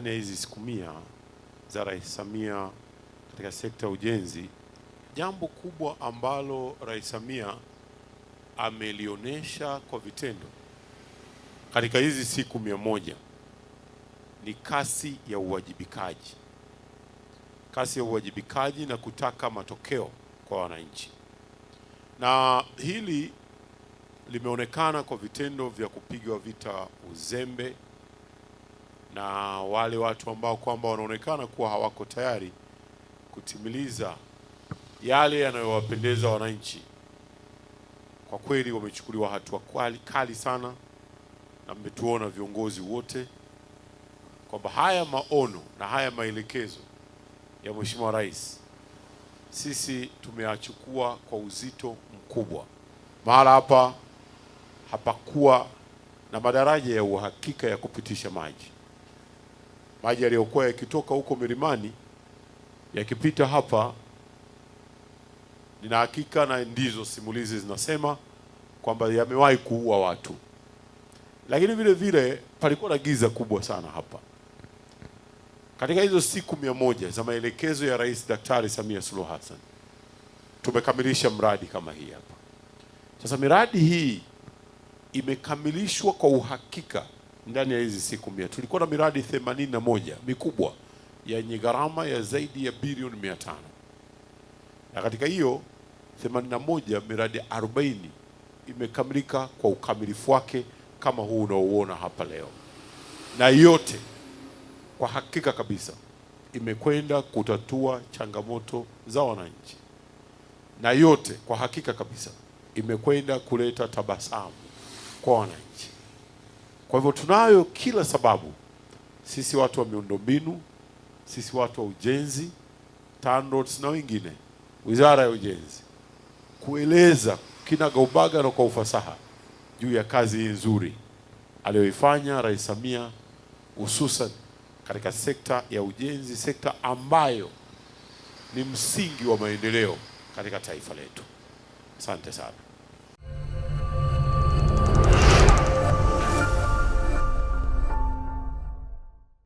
ndani ya hizi siku mia za Rais Samia katika sekta ya ujenzi, jambo kubwa ambalo Rais Samia amelionyesha kwa vitendo katika hizi siku mia moja ni kasi ya uwajibikaji, kasi ya uwajibikaji na kutaka matokeo kwa wananchi, na hili limeonekana kwa vitendo vya kupigwa vita uzembe na wale watu ambao kwamba wanaonekana kuwa hawako tayari kutimiliza yale yanayowapendeza wananchi, kwa kweli wamechukuliwa hatua kali sana, na mmetuona viongozi wote kwamba haya maono na haya maelekezo ya Mheshimiwa Rais sisi tumeyachukua kwa uzito mkubwa. Mahala hapa hapakuwa na madaraja ya uhakika ya kupitisha maji maji yaliyokuwa yakitoka huko milimani yakipita hapa, nina hakika na ndizo simulizi zinasema kwamba yamewahi kuua watu, lakini vile vile palikuwa na giza kubwa sana hapa. Katika hizo siku mia moja za maelekezo ya Rais Daktari Samia Suluhu Hassan tumekamilisha mradi kama hii hapa. Sasa miradi hii imekamilishwa kwa uhakika ndani ya hizi siku mia tulikuwa na miradi 81 mikubwa yenye gharama ya zaidi ya bilioni 500 na katika hiyo 81 miradi 40 imekamilika kwa ukamilifu wake kama huu unaouona hapa leo, na yote kwa hakika kabisa imekwenda kutatua changamoto za wananchi, na yote kwa hakika kabisa imekwenda kuleta tabasamu kwa wananchi. Kwa hivyo tunayo kila sababu sisi watu wa miundombinu, sisi watu wa ujenzi, TANROADS na wengine, wizara ya ujenzi, kueleza kinagaubaga na kwa ufasaha juu ya kazi hii nzuri aliyoifanya Rais Samia hususan katika sekta ya ujenzi, sekta ambayo ni msingi wa maendeleo katika taifa letu. Asante sana.